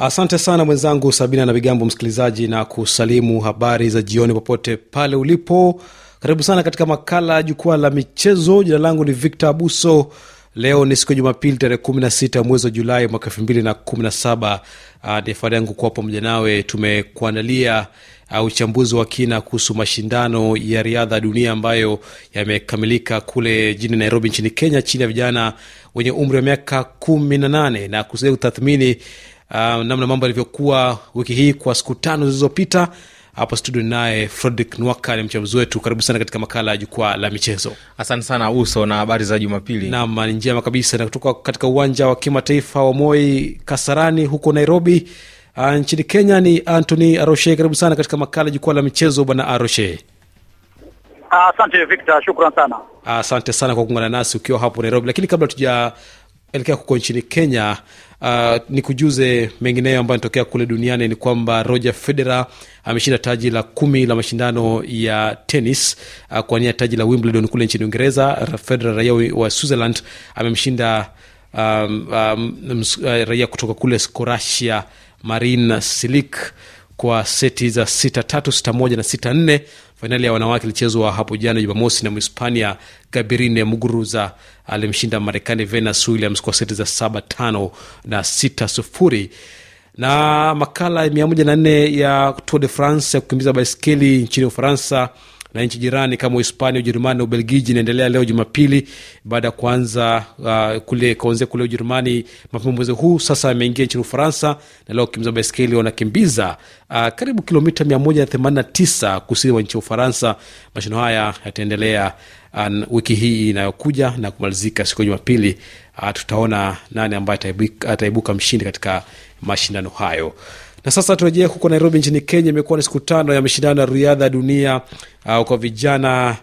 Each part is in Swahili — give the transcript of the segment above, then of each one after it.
Asante sana mwenzangu Sabina na Bigambo, msikilizaji na kusalimu habari za jioni popote pale ulipo. Karibu sana katika makala ya jukwaa la michezo. Jina langu ni Victor Abuso. Leo ni siku ya Jumapili, tarehe 16 mwezi wa Julai mwaka elfu mbili na kumi na saba. Ah, ni fahari yangu kuwa pamoja nawe. Tumekuandalia uh, uchambuzi wa kina kuhusu mashindano ya riadha ya dunia ambayo yamekamilika kule jijini Nairobi nchini Kenya, chini ya vijana wenye umri wa miaka kumi na nane na kusaidia kutathmini uh, namna mambo yalivyokuwa wiki hii kwa siku tano zilizopita hapo studio naye fredrik nwaka ni mchambuzi wetu karibu sana katika makala ya jukwaa la michezo asante sana uso na habari za jumapili nam ni njema kabisa na kutoka katika uwanja wa kimataifa wa moi kasarani huko nairobi uh, nchini kenya ni antony aroshe karibu sana katika makala ya jukwaa la michezo bwana aroshe ah, asante victor shukran sana asante sana kwa kuungana nasi ukiwa hapo nairobi lakini kabla tujaelekea elekea huko nchini kenya Uh, ah, ni kujuze mengineyo ambayo anatokea kule duniani ni kwamba Roger Federer ameshinda taji la kumi la mashindano ya tenis uh, ah, kuania taji la Wimbledon kule nchini Uingereza. Federer raia wa Switzerland amemshinda um, um, ah, raia kutoka kule Kroatia Marin silik kwa seti za sita tatu, sita moja na sita nne Fainali ya wanawake ilichezwa hapo jana Jumamosi na Mhispania Gabirine Muguruza alimshinda Marekani Venus Williams kwa seti za saba tano na sita sufuri na makala mia moja na nne ya Tour de France ya kukimbiza baiskeli nchini Ufaransa na nchi jirani kama Uhispania, Ujerumani na Ubelgiji inaendelea leo Jumapili baada ya kuanza uh, kule kaanzia kule Ujerumani mapema mwezi huu. Sasa ameingia nchini Ufaransa na leo wakimbiza baiskeli wanakimbiza uh, karibu kilomita 189 kusini mwa nchi ya Ufaransa. Mashindano haya yataendelea uh, wiki hii inayokuja na kumalizika siku ya Jumapili. Uh, tutaona nani ambaye ataibuka mshindi katika mashindano hayo. Na sasa turejee huko Nairobi nchini Kenya. Imekuwa ni siku tano ya mashindano ya riadha ya dunia uh, kwa vijana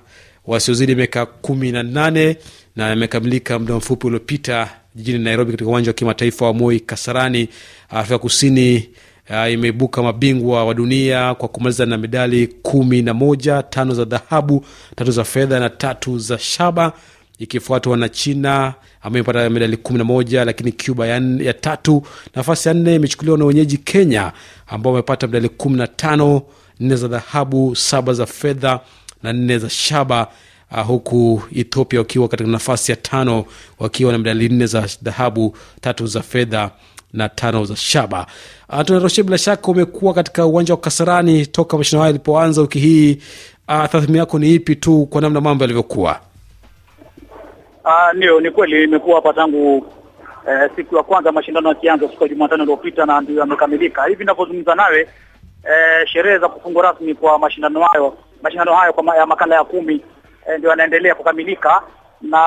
wasiozidi miaka kumi na nane na yamekamilika muda mfupi uliopita jijini Nairobi, katika uwanja wa kimataifa wa Moi Kasarani. Uh, Afrika Kusini uh, imeibuka mabingwa wa dunia kwa kumaliza na medali kumi na moja, tano za dhahabu, tatu za fedha na tatu za shaba ikifuatwa na China ambayo imepata medali kumi na moja lakini Cuba ya, ya tatu. Nafasi ya nne imechukuliwa na wenyeji Kenya ambao wamepata medali kumi na tano nne za dhahabu, saba za fedha na nne za shaba. Uh, huku Ethiopia wakiwa katika nafasi ya tano wakiwa na medali nne za dhahabu, tatu za fedha na tano za shaba. Uh, ah, tunaroshe bila shaka umekuwa katika uwanja wa Kasarani toka mashindano haya yalipoanza wiki hii. Uh, tathmini yako ni ipi tu kwa namna mambo yalivyokuwa? Uh, ndio ni kweli imekuwa hapa tangu eh, siku ya kwanza mashindano yakianza siku ya Jumatano iliyopita na ndio yamekamilika. Hivi ninavyozungumza nawe eh, sherehe za kufungwa rasmi kwa mashindano hayo mashindano hayo kwa ya makala ya kumi eh, ndio yanaendelea kukamilika, na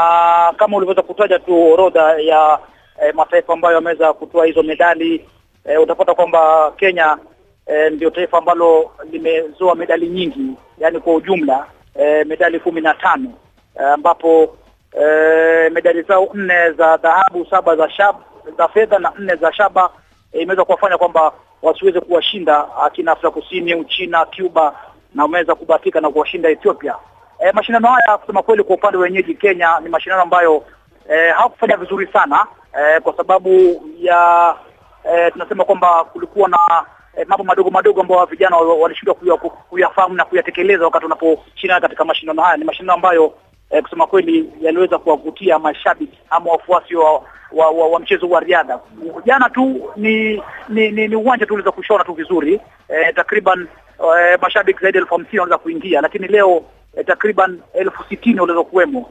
kama ulivyoweza kutaja tu orodha ya eh, mataifa ambayo yameweza kutoa hizo medali eh, utapata kwamba Kenya eh, ndio taifa ambalo limezoa medali nyingi, yani kwa ujumla eh, medali kumi na tano eh, ambapo eh, e, medali zao nne za dhahabu, saba za shaba, za fedha na nne za shaba e, imeweza kuwafanya kwamba wasiweze kuwashinda akina Afrika Kusini, Uchina, Cuba na wameweza kubahatika na kuwashinda Ethiopia. E, mashindano haya kusema kweli, kwa upande wa wenyeji Kenya ni mashindano ambayo e, hawakufanya vizuri sana e, kwa sababu ya e, tunasema kwamba kulikuwa na e, mambo madogo madogo ambayo vijana walishindwa kuyafahamu na kuyatekeleza wakati wanaposhindana katika mashindano haya. Ni mashindano ambayo eh, kusema kweli yaliweza kuwavutia mashabiki ama wafuasi wa wa, wa, wa mchezo wa riadha jana tu ni ni, ni, ni uwanja uliweza kushona tu vizuri eh, takriban eh, mashabiki zaidi ya elfu hamsini waliweza kuingia, lakini leo eh, takriban elfu sitini waliweza kuwemo.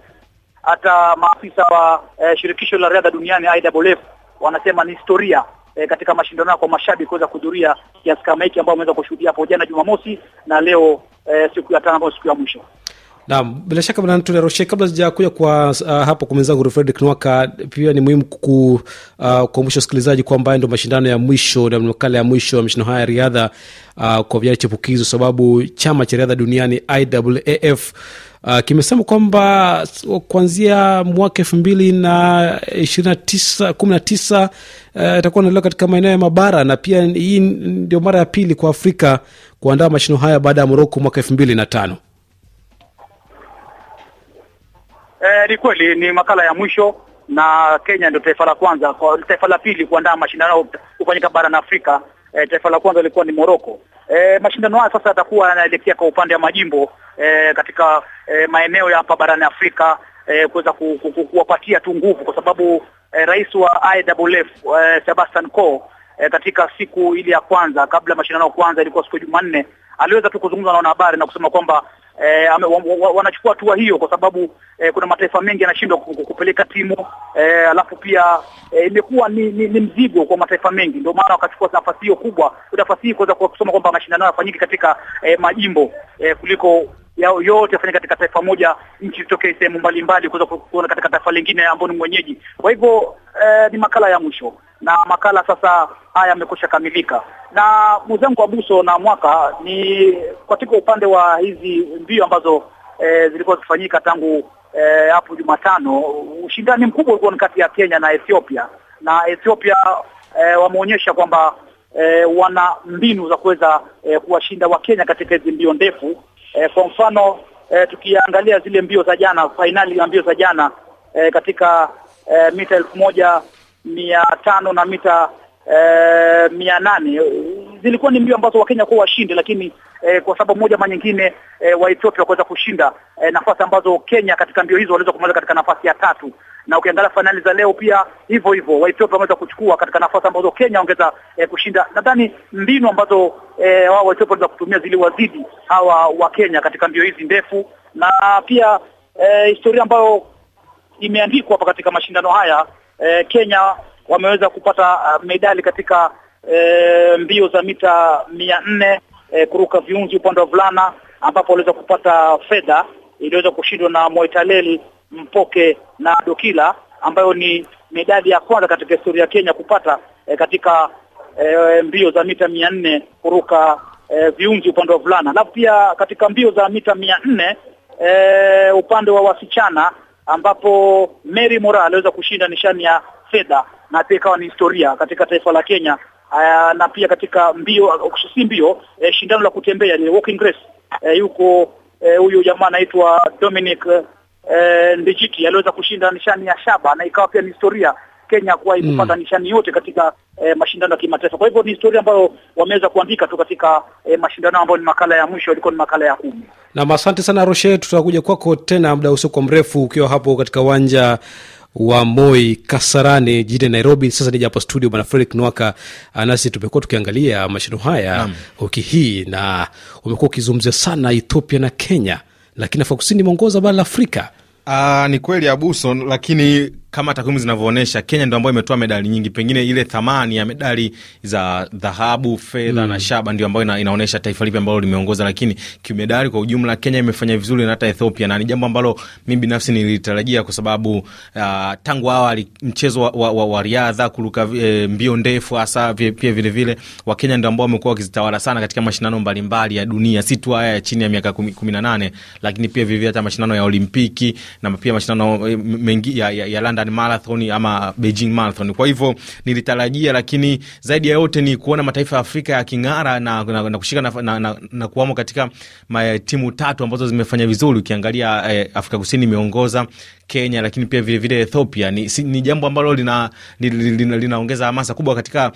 Hata maafisa wa eh, shirikisho la riadha duniani IAAF wanasema ni historia eh, katika mashindano kwa mashabiki kuweza kuhudhuria kiasi kama hiki ambao wameweza kushuhudia hapo jana Jumamosi na leo eh, siku ya tano ambayo siku ya mwisho Naam, bila shaka bwana Antony Aroshe, kabla sijakuja kwa uh, hapo kwa mwenzangu Fredrick Nwaka, pia ni muhimu uh, kukumbusha uh, usikilizaji kwamba ndo mashindano ya mwisho na makala ya mwisho ya mashindano haya ya riadha uh, kwa vijana chipukizo, sababu chama cha riadha duniani IAAF uh, kimesema kwamba kuanzia mwaka elfu mbili na ishirini na tisa kumi na tisa uh, itakuwa uh, naelewa katika maeneo ya mabara na pia hii ndio mara ya pili kwa Afrika kuandaa mashindano haya baada ya Moroko mwaka elfu mbili na tano. Eh, ni kweli ni makala ya mwisho na Kenya ndio taifa la kwanza kwa taifa la pili kuandaa mashindano kufanyika barani Afrika. E, taifa la kwanza lilikuwa ni Morocco. E, mashindano haya sasa yatakuwa yanaelekea kwa upande wa majimbo e, katika e, maeneo ya hapa barani Afrika e, kuweza ku, ku, ku, kuwapatia tu nguvu kwa sababu e, rais wa IAAF e, Sebastian Coe e, katika siku ile ya kwanza kabla mashindano kuanza, ilikuwa siku ya Jumanne, aliweza tu kuzungumza na wanahabari na kusema kwamba eh, wanachukua hatua hiyo kwa sababu eh, kuna mataifa mengi yanashindwa kupeleka timu eh, alafu pia eh, imekuwa ni, ni, ni mzigo kwa mataifa mengi, ndio maana wakachukua nafasi hiyo kubwa, nafasi hii kuweza kusoma kwamba mashindano yafanyike katika eh, majimbo eh, kuliko yao yote yafanyika katika taifa moja, nchi zitokee sehemu mbalimbali kuweza kuona katika taifa lingine ambao ni mwenyeji. Kwa hivyo eh, ni makala ya mwisho na makala sasa haya yamekwisha kamilika. Na mwenzangu Abuso na Mwaka, ni katika upande wa hizi mbio ambazo eh, zilikuwa zikifanyika tangu eh, hapo eh, Jumatano, ushindani mkubwa ulikuwa ni kati ya Kenya na Ethiopia na Ethiopia eh, wameonyesha kwamba eh, wana mbinu za kuweza eh, kuwashinda Wakenya katika hizi mbio ndefu E, kwa mfano e, tukiangalia zile mbio za jana, fainali ya mbio za jana e, katika e, mita elfu moja mia tano na mita eh, mia nane zilikuwa ni mbio ambazo Wakenya kuwa washindi, lakini eh, kwa sababu moja ama nyingine eh, Waethiopia wakaweza kushinda eh, nafasi ambazo Kenya katika mbio hizo waliweza kumaliza katika nafasi ya tatu na ukiangalia fainali za leo pia hivyo hivyo, Ethiopia wameweza kuchukua katika nafasi ambazo Kenya wangeweza eh, kushinda. Nadhani mbinu ambazo eh, wao Ethiopia waliweza kutumia ziliwazidi hawa wa Kenya katika mbio hizi ndefu, na pia eh, historia ambayo imeandikwa hapa katika mashindano haya eh, Kenya wameweza kupata uh, medali katika e, mbio za mita mia nne e, kuruka viunzi upande wa vulana ambapo waliweza kupata fedha iliweza kushindwa na mwitaleli Mpoke na Dokila ambayo ni medali ya kwanza katika historia ya Kenya kupata e, katika e, mbio za mita mia nne kuruka e, viunzi upande wa vulana. Alafu pia katika mbio za mita mia nne e, upande wa wasichana ambapo Mary Mora aliweza kushinda nishani ya fedha na pia ikawa ni historia katika taifa la Kenya. aya, na pia katika mbio, si mbio, eh, shindano la kutembea ni walking race eh, yuko huyu eh, jamaa anaitwa Dominic eh, Ndijiti aliweza kushinda nishani ya shaba na ikawa pia ni historia Kenya kuwahi hmm. kupata mm. nishani yote katika eh, mashindano ya kimataifa. Kwa hivyo ni historia ambayo wameweza kuandika tu katika eh, mashindano ambayo ni makala ya mwisho, ilikuwa ni makala ya kumi. Na asante sana Roshe, tutakuja kwako tena muda usio mrefu ukiwa hapo katika uwanja wa Moi Kasarani jijini Nairobi. Sasa nija hapa studio, bwana Fredrick Nwaka, ah, nasi tumekuwa tukiangalia mashindano haya wiki hii na umekuwa ukizungumzia sana Ethiopia na Kenya, lakini Afrika Kusini imeongoza bara la Afrika. Aa, ah, ni kweli Abuso, lakini kama takwimu zinavyoonyesha, Kenya ndio ambayo imetoa medali nyingi, pengine ile thamani ya medali za dhahabu, fedha mm. na shaba ndio ambayo ina, inaonyesha taifa lipi ambalo limeongoza, lakini kimedali kwa ujumla Kenya imefanya vizuri na hata Ethiopia, na ni jambo ambalo mimi binafsi nilitarajia kwa sababu uh, tangu awali mchezo wa, wa, wa, wa riadha kuruka e, mbio ndefu hasa pia vilevile Wakenya ndio ambao wamekuwa wakizitawala sana katika mashindano mbalimbali ya dunia, si tu haya ya chini ya miaka kumi na nane, lakini pia vilevile hata mashindano ya Olimpiki na pia mashindano eh, mengi ya, ya, ya London Marathon ama Beijing Marathon. Kwa hivyo nilitarajia, lakini zaidi ya yote ni kuona mataifa ya Afrika king'ara na, na, na kushika na, na, na, na kuwamo katika ma, eh, timu tatu ambazo zimefanya vizuri. Ukiangalia eh, Afrika Kusini imeongoza Kenya, lakini pia vilevile vile Ethiopia. Ni, si, ni jambo ambalo linaongeza lina, lina, lina hamasa kubwa katika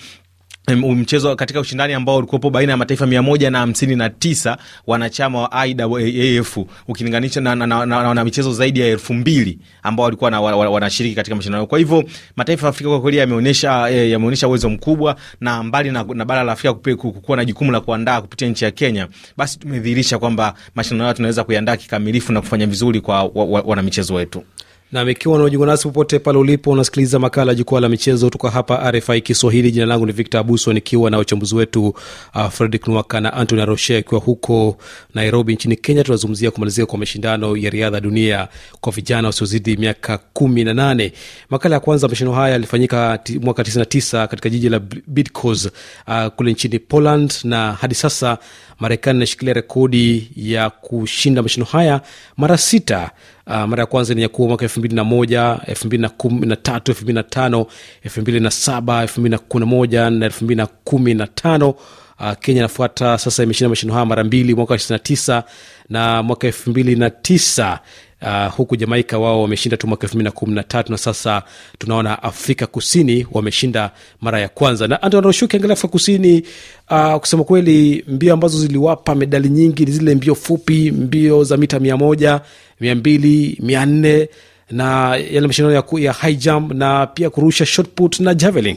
mchezo katika ushindani ambao ulikuwepo baina ya mataifa mia moja na hamsini na tisa wanachama wa IAAF ukilinganisha na, na, na, na, na michezo zaidi ya elfu mbili ambao walikuwa wanashiriki katika mashindano. Kwa hivyo mataifa ya Afrika kwa kweli yameonyesha e, yameonyesha uwezo mkubwa, na mbali na, na bara la Afrika kukuwa na jukumu la kuandaa kupitia nchi ya Kenya, basi tumedhihirisha kwamba mashindano hayo tunaweza kuiandaa kikamilifu na kufanya vizuri kwa wanamichezo wa, wa, wa wetu nam ikiwa unaojiunga nasi popote pale ulipo unasikiliza makala ya jukwaa la michezo toka hapa rfi kiswahili jina langu ni victor abuso nikiwa na wachambuzi wetu uh, fredrick nwaka na antony aroshe akiwa huko nairobi nchini kenya tunazungumzia kumalizika kwa mashindano ya riadha dunia kwa vijana wasiozidi miaka kumi na nane makala ya kwanza mashindano haya yalifanyika mwaka 99 katika jiji la bidcos uh, kule nchini poland na hadi sasa marekani inashikilia rekodi ya kushinda mashindano haya mara sita Uh, mara ya kwanza ni mwaka elfu mbili na moja elfu mbili na kumi na tatu elfu mbili na tano elfu mbili na saba elfu mbili na kumi na moja na elfu mbili na kumi na tano uh, kenya inafuata sasa imeshinda mashindano haya mara mbili mwaka wa tisa na mwaka elfu mbili na tisa uh, huku Jamaika wao wameshinda tu mwaka elfu na kumi na tatu na sasa tunaona Afrika Kusini wameshinda mara ya kwanza. Na antonaroshu Roshu, ukiangalia Afrika Kusini uh, kusema kweli, mbio ambazo ziliwapa medali nyingi ni zile mbio fupi, mbio za mita mia moja, mia mbili, mia nne na yale mashindano ya, ya high jump na pia kurusha shotput na javelin.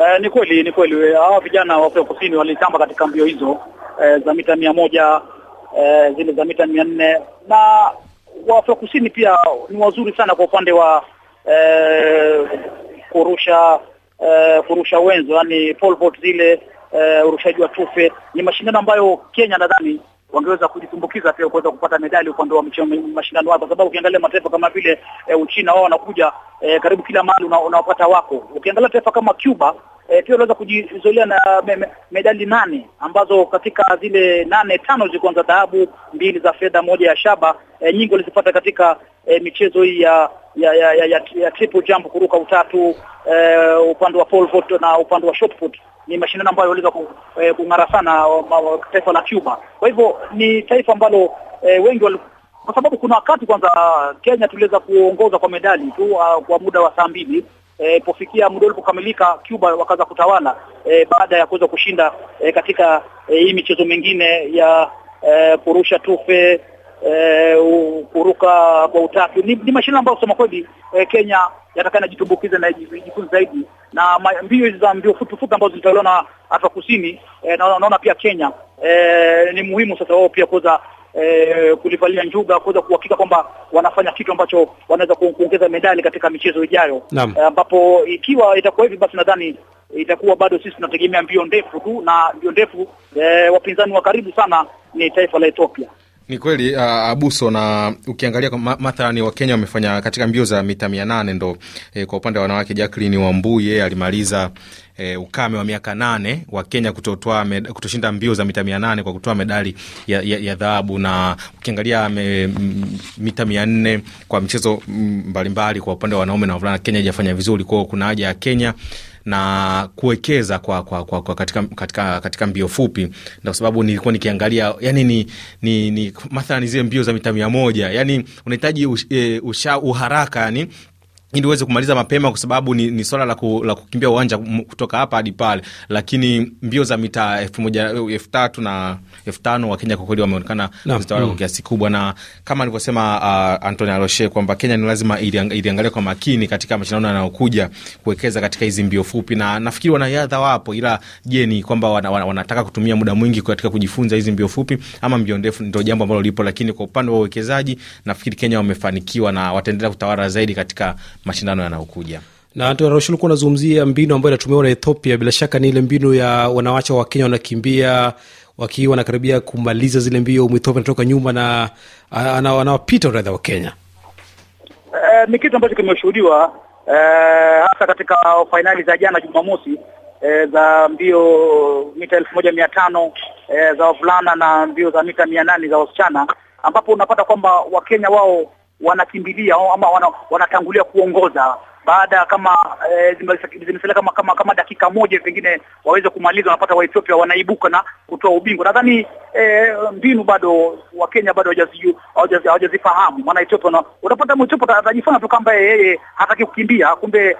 Eh, ni kweli ni kweli, hawa vijana wa Afrika Kusini walitamba katika mbio hizo eh, za mita mia moja eh, zile za mita mia nne na Waafrika Kusini pia ni wazuri sana kwa upande wa eh, kurusha eh, kurusha wenzo, yani pole vault zile, eh, urushaji wa tufe. Ni mashindano ambayo Kenya nadhani wangeweza kujitumbukiza pia kuweza kupata medali upande wa mashindano hayo, kwa sababu ukiangalia mataifa kama vile e, Uchina wao wanakuja e, karibu kila mahali unawapata una wako. Ukiangalia taifa kama Cuba e, pia unaweza kujizolea na me, me, medali nane ambazo katika zile nane tano zilikuwa za dhahabu, mbili za fedha, moja ya shaba. E, nyingi walizipata katika e, michezo hii ya ya ya, ya, ya, ya triple jump kuruka utatu uh, upande wa pole vault na upande wa shot put ni mashindano ambayo yaliweza eh, kung'ara sana taifa la Cuba. Kwa hivyo ni taifa ambalo e, wengi wali, kwa sababu kuna wakati kwanza Kenya tuliweza kuongoza kwa medali tu uh, kwa muda wa saa mbili ilipofikia e, muda ulipokamilika Cuba wakaweza kutawala e, baada ya kuweza kushinda e, katika e, hii michezo mingine ya e, kurusha tufe eh, kuruka kwa utaki ni, ni mashindano ambayo kusema kweli eh, Kenya yatakana jitumbukize na jifunze zaidi na mbio hizi za mbio fupifupi ambazo zitaliwa na Kusini eh, na naona pia Kenya eh, ni muhimu sasa wao pia kuweza eh, kulivalia njuga kuweza kuhakika kwamba wanafanya kitu ambacho wanaweza kuongeza medali katika michezo ijayo, eh, ambapo eh, ikiwa itakuwa hivi basi nadhani itakuwa bado sisi tunategemea mbio ndefu tu, na mbio ndefu eh, wapinzani wa karibu sana ni taifa la Ethiopia. Ni kweli uh, Abuso, na ukiangalia ma, mathalani Wakenya wamefanya katika mbio za mita mia nane ndo eh, kwa upande wa wanawake Jacqueline Wambui alimaliza eh, ukame wa miaka nane wa Kenya kutoshinda mbio za mita mia nane kwa kutoa medali ya, ya, ya dhahabu, na ukiangalia me, mita mia nne kwa mchezo mbalimbali kwa upande wa wanaume na wavulana Kenya ijafanya vizuri kwao, kuna haja ya Kenya na kuwekeza kwa, kwa, kwa, kwa katika, katika, katika mbio fupi, na sababu nilikuwa nikiangalia yani ni, ni, ni mathalani zile mbio za mita mia moja yani unahitaji eh, usha uharaka yani ili uweze kumaliza mapema kwa sababu ni, ni swala la, ku, la kukimbia uwanja kutoka hapa hadi pale, lakini mbio za mita elfu moja elfu tatu na elfu tano Wakenya kwa kweli wameonekana kuzitawala kwa mm. kiasi kubwa, na kama alivyosema uh, Antoni Aroshe kwamba Kenya ni lazima iliangalia kwa makini katika mashindano yanayokuja kuwekeza katika hizi mbio fupi, na nafikiri wanariadha wapo, ila je, ni kwamba wanataka wana, wana, kutumia muda mwingi katika kujifunza hizi mbio fupi ama mbio ndefu? Ndio jambo ambalo lipo, lakini kwa upande wa uwekezaji nafikiri Kenya wamefanikiwa na wataendelea kutawala zaidi katika mashindano yanayokuja na Rashid, kuwa unazungumzia mbinu ambayo inatumiwa na Ethiopia. Bila shaka ni ile mbinu ya wanawacha Wakenya wanakimbia wakiwa wanakaribia kumaliza zile mbio, Mwethiopia anatoka nyuma na anawapita uradha wa Kenya. Uh, ni kitu ambacho kimeshuhudiwa uh, hasa katika fainali za jana Jumamosi uh, za mbio mita elfu moja mia tano uh, za wavulana na mbio za mita mia nane za wasichana ambapo unapata kwamba Wakenya wao wanakimbilia ama wana, wanatangulia kuongoza baada kama e, eh, zimesalia kama, kama kama dakika moja pengine waweze kumaliza, wanapata Waethiopia wanaibuka na kutoa ubingwa. Nadhani e, mbinu bado Wakenya bado hawajazifahamu, maana Ethiopia utapata Ethiopia atajifanya tu kwamba yeye hataki kukimbia, kumbe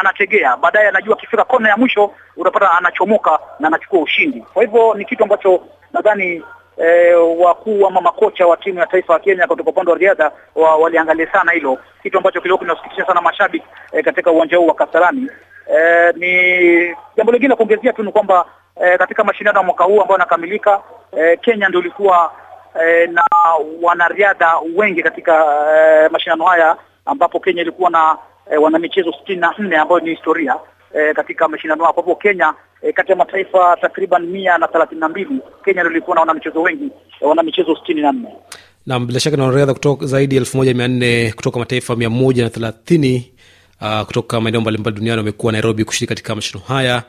anategea ana, baadaye anajua akifika kona ya mwisho unapata anachomoka na anachukua ushindi. Kwa hivyo ni kitu ambacho nadhani e, wakuu ama makocha wa timu ya taifa ya Kenya kutoka upande wa riadha wa, waliangalia sana hilo kitu ambacho kilikuwa kinasikitisha sana mashabiki e, katika uwanja huu wa Kasarani. E, ni jambo lingine la kuongezea tu ni kwamba e, katika mashindano ya mwaka huu ambayo yanakamilika e, Kenya ndio ilikuwa e, na wanariadha wengi katika e, mashindano haya ambapo Kenya ilikuwa na e, wanamichezo sitini na nne ambayo ni historia e, katika mashindano haya. Kwa hivyo Kenya e, kati ya mataifa takriban mia na thelathini na mbili Kenya ndo ilikuwa na wanamichezo wengi, e, wanamichezo sitini na nne nam bila shaka na wanariadha kutoka zaidi ya elfu moja mia nne kutoka mataifa mia moja na thelathini uh, kutoka maeneo mbalimbali duniani wamekuwa Nairobi kushiriki katika mashindano haya.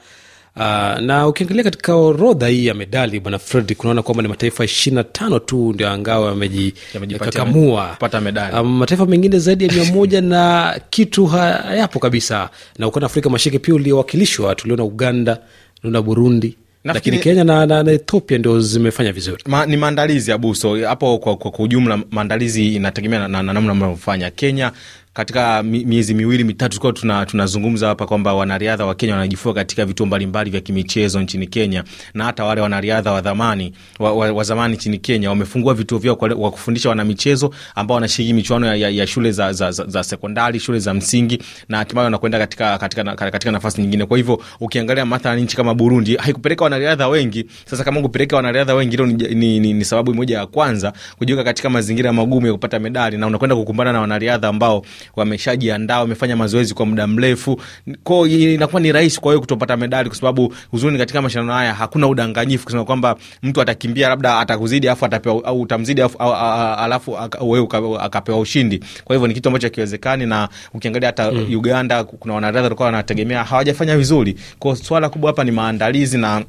Uh, na ukiangalia katika orodha hii ya medali bwana Fred, kunaona kwamba ni mataifa ishirini na tano tu ndio angao yamejikakamua medali. Um, mataifa mengine zaidi ya mia moja na kitu hayapo kabisa, na ukanda Afrika Mashariki pia uliowakilishwa tuliona Uganda, tuliona Burundi lakini Kenya na, na, na Ethiopia ndio zimefanya vizuri ma, ni maandalizi ya buso hapo kwa, kwa, kwa ujumla maandalizi inategemea na namna mnavyofanya. Kenya katika miezi miwili mitatu tulikuwa tuna, tunazungumza hapa kwamba wanariadha wa Kenya wanajifua katika vituo mbalimbali vya kimichezo nchini Kenya, na hata wale wanariadha wa zamani wa, wa, wa zamani nchini Kenya wamefungua vituo vyao wa kufundisha wanamichezo ambao wanashiriki michuano ya, ya ya shule za, za, za, za sekondari, shule za msingi na hatimaye wanakwenda katika, katika, katika, katika nafasi nyingine. Kwa hivyo ukiangalia mathalan nchi kama Burundi haikupeleka wanariadha wengi. Sasa kama kupeleka wanariadha wengi, hilo ni, ni, ni, ni sababu moja ya kwanza kujiweka katika mazingira magumu ya kupata medali, na unakwenda kukumbana na wanariadha ambao wameshajiandaa, wamefanya mazoezi kwa muda mrefu, kwao inakuwa ni rahisi kwa wewe kutopata medali, kwa sababu uzuri katika mashindano haya hakuna udanganyifu kusema kwamba mtu atakimbia labda atakuzidi afu atapewa au utamzidi afu alafu wewe akapewa ushindi. Kwa hivyo ni kitu ambacho hakiwezekani, na ukiangalia hata mm. Uganda kuna wanariadha walikuwa wanategemea hawajafanya vizuri kwa Swala kubwa hapa ni maandalizi na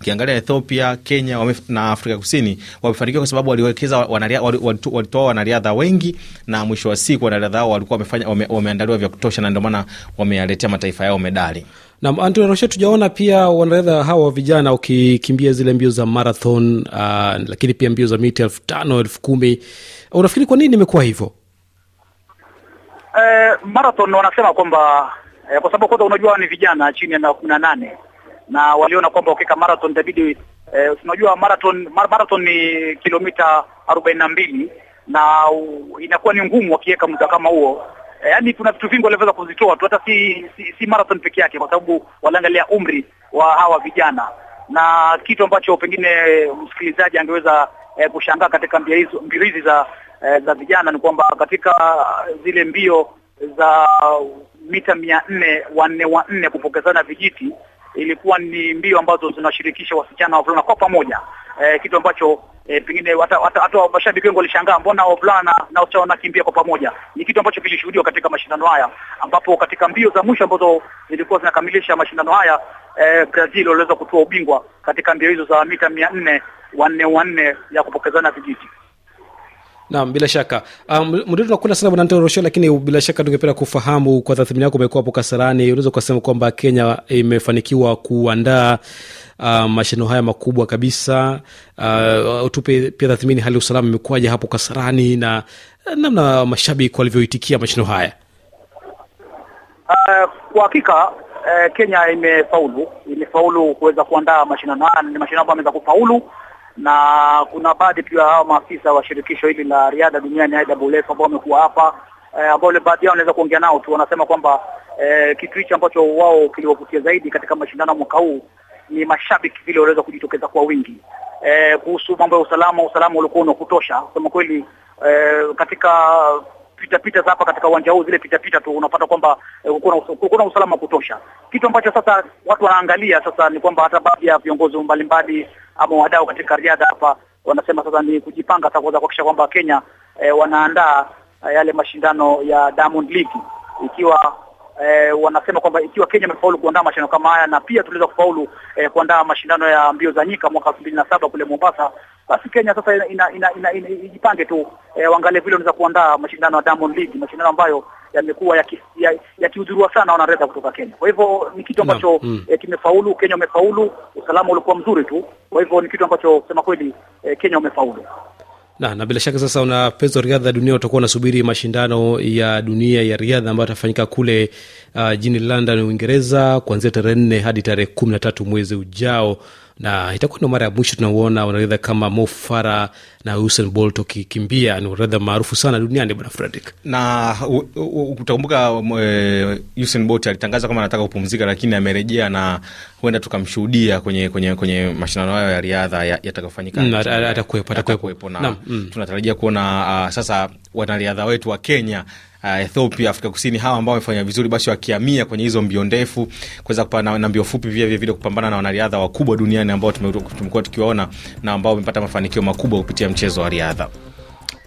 Ukiangalia Ethiopia, Kenya wame, na Afrika Kusini wamefanikiwa kwa sababu waliwekeza wanariadha, walitoa wanariadha wengi na mwisho wa siku wanariadha hao walikuwa wamefanya wame, wameandaliwa vya kutosha na ndio maana wameyaletea mataifa yao medali. Naam, Antonio Roshe, tujaona pia wanariadha hawa vijana ukikimbia zile mbio za marathon uh, lakini pia mbio za mita elfu tano elfu kumi unafikiri kwa nini imekuwa hivyo? Eh, marathon wanasema kwamba eh, kwa sababu kwanza unajua ni vijana chini ya miaka kumi na nane na waliona kwamba ukika marathon itabidi eh, unajua marathon marathon ni kilomita arobaini na mbili na inakuwa ni ngumu wakiweka muda kama huo eh, yaani kuna vitu vingi walivyoweza kuzitoa tu, hata si, si, si marathon peke yake, kwa sababu waliangalia umri wa hawa vijana na kitu ambacho pengine msikilizaji angeweza eh, kushangaa katika mbio hizo mbio hizi za eh, za vijana ni kwamba katika zile mbio za mita mia nne wanne wanne kupokezana vijiti ilikuwa ni mbio ambazo zinashirikisha wasichana wavulana kwa pamoja, e, kitu ambacho e, pengine hata mashabiki wengi walishangaa, mbona wavulana na, na wasichana wanakimbia kwa pamoja? Ni kitu ambacho kilishuhudiwa katika mashindano haya, ambapo katika mbio za mwisho ambazo zilikuwa zinakamilisha mashindano haya e, Brazil waliweza kutoa ubingwa katika mbio hizo za mita mia nne wanne wanne ya kupokezana vijiti. Naam, bila shaka mdio um, sana bwana Rosho, lakini bila shaka tungependa kufahamu kwa tathmini yako, umekuwa hapo Kasarani, unaweza ukasema kwamba Kenya imefanikiwa kuandaa uh, mashindano haya makubwa kabisa. Uh, tupe pia tathmini hali ya usalama imekuwaje hapo Kasarani na namna mashabiki walivyoitikia mashindano haya. Uh, kwa hakika uh, Kenya imefaulu, imefaulu kuweza kuandaa mashindano haya, ni mashindano ambayo ameweza kufaulu na kuna baadhi pia hao maafisa wa shirikisho hili la riadha duniani IAAF ambao wamekuwa hapa e, ambao baadhi yao wanaweza kuongea nao tu, wanasema kwamba e, kitu hicho ambacho wao kiliwavutia zaidi katika mashindano ya mwaka huu ni mashabiki vile waliweza kujitokeza kwa wingi. E, kuhusu mambo ya usalama, usalama ulikuwa unakutosha kusema kweli e, katika pita za hapa katika uwanja huu, zile pitapita tu unapata kwamba eh, kuna usalama kutosha, kitu ambacho sasa watu wanaangalia sasa ni kwamba hata baadhi ya viongozi mbalimbali ama wadau katika riadha hapa wanasema sasa ni kujipanga sasa kuweza kuhakikisha kwamba Kenya eh, wanaandaa eh, yale mashindano ya Diamond League ikiwa eh, wanasema kwamba ikiwa Kenya imefaulu kuandaa mashindano kama haya na pia tuliweza kufaulu eh, kuandaa mashindano ya mbio za nyika mwaka elfu mbili na saba kule Mombasa, basi Kenya sasa ina, ina, ina, ina, ijipange tu eh, waangalie vile wanaweza kuandaa mashindano ya Diamond League, mashindano ambayo yamekuwa yakihudhuriwa ya, ya sana wanareta kutoka Kenya. Kwa hivyo ni kitu ambacho mm. eh, kimefaulu. Kenya umefaulu usalama ulikuwa mzuri tu. Kwa hivyo ni kitu ambacho sema kweli eh, Kenya umefaulu na, na bila shaka sasa, una riadha riadha dunia, utakuwa unasubiri mashindano ya dunia ya riadha ambayo atafanyika kule uh, jini London, Uingereza kuanzia tarehe nne hadi tarehe kumi na tatu mwezi ujao na itakuwa ndio mara ya mwisho tunauona wanariadha kama Mo Farah na Usain Bolt wakikimbia. Ni wanariadha maarufu sana duniani, bwana Fredrick, na utakumbuka eh, Usain Bolt alitangaza kwamba anataka kupumzika, lakini amerejea na huenda tukamshuhudia kwenye, kwenye, kwenye mashindano hayo ya riadha yatakayofanyika. Mm, atakuwepo, atakuwepo na mm. tunatarajia kuona uh, sasa wanariadha wetu wa Kenya uh, Ethiopia, Afrika Kusini, hawa ambao wamefanya vizuri, basi wakiamia kwenye hizo mbio ndefu kuweza kupana na mbio fupi vile vile kupambana na wanariadha wakubwa duniani ambao tumekuwa tukiwaona na ambao wamepata mafanikio makubwa kupitia mchezo wa riadha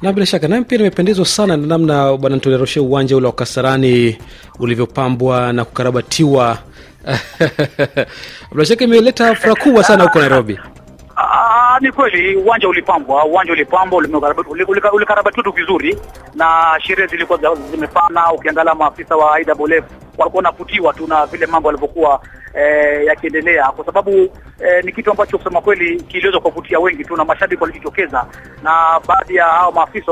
na bila shaka nami pia nimependezwa sana na namna bwana Antonio Roshe uwanja ule wa Kasarani ulivyopambwa na kukarabatiwa bila shaka imeleta furaha kubwa sana huko Nairobi ni kweli uwanja ulipambwa, uwanja ulipambwa, ulikarabatiwa tu vizuri na sherehe zilikuwa zimefana. Ukiangalia maafisa wa IAAF walikuwa wanavutiwa tu na vile mambo yalivyokuwa eh, yakiendelea kwa sababu eh, ni kitu ambacho kusema kweli kiliweza kuwavutia wengi tu na mashabiki walijitokeza, na baadhi ya hao maafisa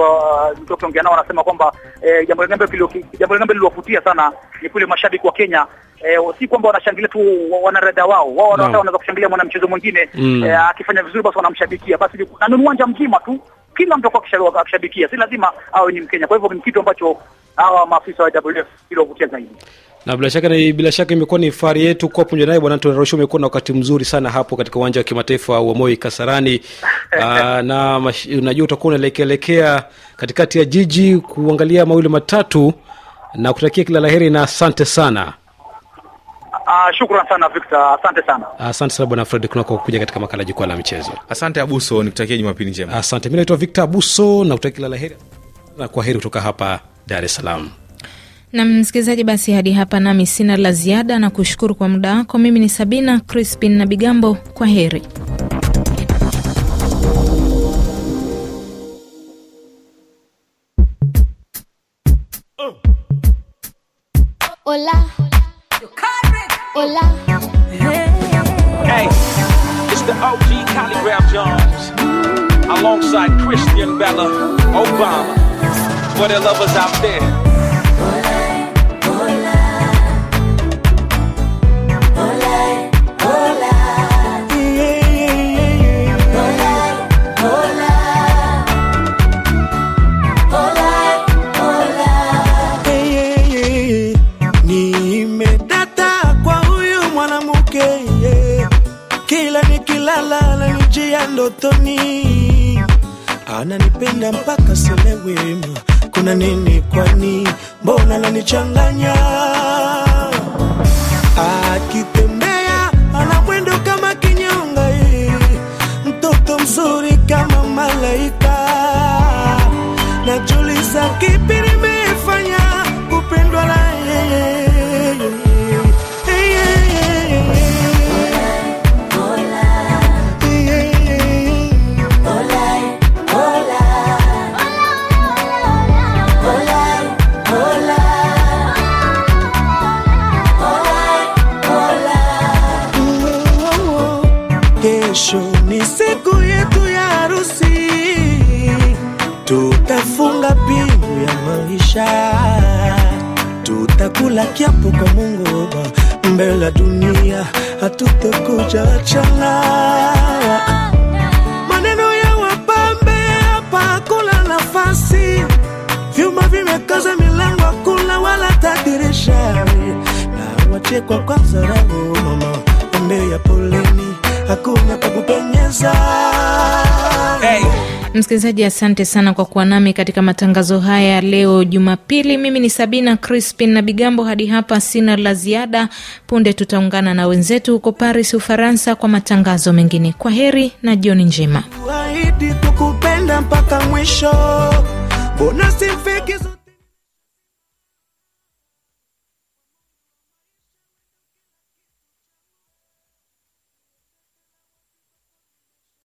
e, nilikiongea nao wanasema kwamba e, jambo lengambe liliwavutia sana ni kule mashabiki wa Kenya eh, si kwamba wanashangilia tu wanariadha wao wao, wanaweza kushangilia mwanamchezo mwingine mm. e, akifanya vizuri, basi wanamshabikia, basi na ni uwanja mzima tu kila mtu akuwa akishabikia, si lazima awe ni Mkenya. Kwa hivyo ni kitu ambacho hawa maafisa wa WWF kiliwavutia zaidi na bila shaka ni bila shaka imekuwa ni fahari yetu kuwa pamoja naye Bwana Antony Arosho. Umekuwa na wakati mzuri sana hapo katika uwanja wa kimataifa wa Moi Kasarani. Aa, ah, na unajua utakuwa unaelekeelekea katikati ya jiji kuangalia mawili matatu, na kutakia kila laheri na asante sana. Uh, shukran sana Victor, asante sana. Asante sana bwana Fred Kuna kwa kuja katika makala jukwaa la michezo. Asante Abuso, nikutakia Jumapili njema. Asante, mimi naitwa Victor Abuso na kutakia kila la heri na kwa heri kutoka hapa Dar es Salaam. Na msikilizaji, basi hadi hapa nami sina la ziada na kushukuru kwa muda wako. Mimi ni Sabina Crispin na Bigambo, kwa heri. Hola. Hola. Hey, it's the OG Calligraph Jones alongside Christian Bella Obama. For the lovers out there. wananipenda mpaka sielewi, kuna nini? Kwani mbona nanichanganya? Akitembea ana mwendo kama kinyonga, mtoto mzuri kama malaika, najuliza kipi chalala, maneno ya wapambe hapa kula nafasi, vyuma vimekaza milango hakuna wala tadirisha, na wachekwa kwa dharau, mama pembe ya poleni hakuna pa hey. Msikilizaji, asante sana kwa kuwa nami katika matangazo haya leo Jumapili. Mimi ni Sabina Crispin na Bigambo. Hadi hapa sina la ziada. Punde tutaungana na wenzetu huko Paris, Ufaransa, kwa matangazo mengine. Kwa heri na jioni njema.